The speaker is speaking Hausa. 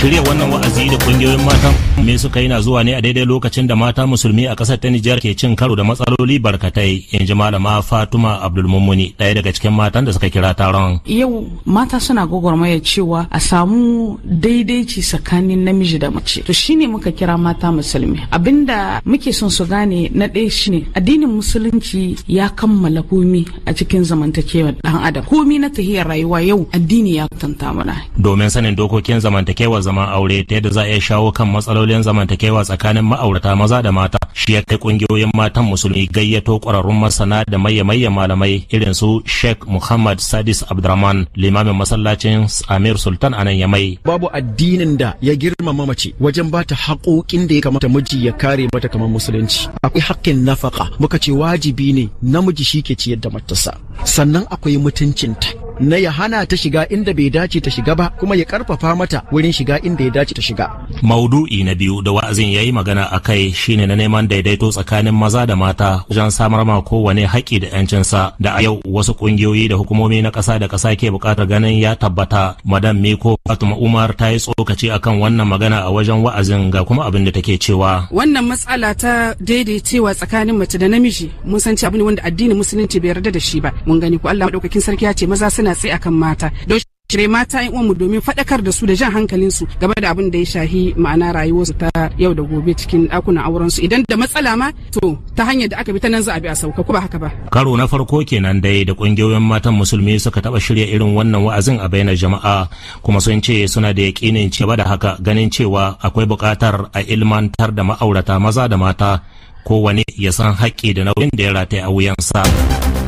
shirya wannan wa'azi da kungiyoyin mata me suka yi na zuwa ne a daidai lokacin da mata musulmi a kasar ta Nijar ke cin karo da matsaloli barkatai in ji malama Fatuma Abdulmumuni ɗaya daga cikin matan da suka kira taron. Yau mata suna gwagwarmaya cewa a samu ci tsakanin namiji da mace. To shine muka kira mata musulmi. Abinda muke son su gane na ɗaya shine addinin musulunci ya kammala komi a cikin zamantakewar dan adam. Komi na tahiyar rayuwa yau addini ya tanta Domin sanin dokokin zamantakewar zaman aure ta yadda za a iya shawo kan matsalolin zamantakewa tsakanin ma'aurata maza da mata shi ya kai kungiyoyin matan musulmi gayyato kwararrun masana da maye-maye malamai irin su Sheikh Muhammad Sadis Abdurrahman limamin masallacin Amir Sultan anan Yamai. Babu addinin da ya girmama mace wajen ba ta haƙoƙin da ya kamata miji ya kare mata kamar musulunci. Akwai haƙƙin nafaka muka ce wajibi ne namiji shi ke ciyar da matarsa sannan akwai mutuncinta na ya hana ta shiga inda bai dace ta shiga ba kuma ya karfafa mata wurin shiga inda ya dace ta shiga. Maudu'i na biyu da wa'azin ya yi magana a kai shi ne na neman daidaito tsakanin maza da mata wajen samar ma kowane haƙƙi da 'yancinsa da a yau wasu ƙungiyoyi da hukumomi na ƙasa da ƙasa ke buƙatar ganin ya tabbata. Madam Miko Fatima Umar ta yi tsokaci akan wannan magana a wajen wa'azin ga kuma abin da take cewa. Wannan matsala ta daidaitewa tsakanin mace da namiji mun san ci abu ne wanda addinin musulunci bai yarda da shi ba. Mun gani ko Allah maɗaukakin sarki ya ce maza suna natsi akan mata don cire mata yan uwanmu domin faɗakar da su da jan hankalin su game da abin da ya shahi ma'ana rayuwarsu ta yau da gobe cikin ɗakunan auren su idan da matsala ma to ta hanyar da aka bi ta nan za a bi a sauka ko ba haka ba karo na farko kenan dai da kungiyoyin matan musulmi suka taba shirya irin wannan wa'azin a bainar jama'a kuma sun ce suna da yakinin cewa da haka ganin cewa akwai buƙatar a ilmantar da ma'aurata maza da mata kowane ya san haƙƙi da nauyin da ya rataya a wuyansa.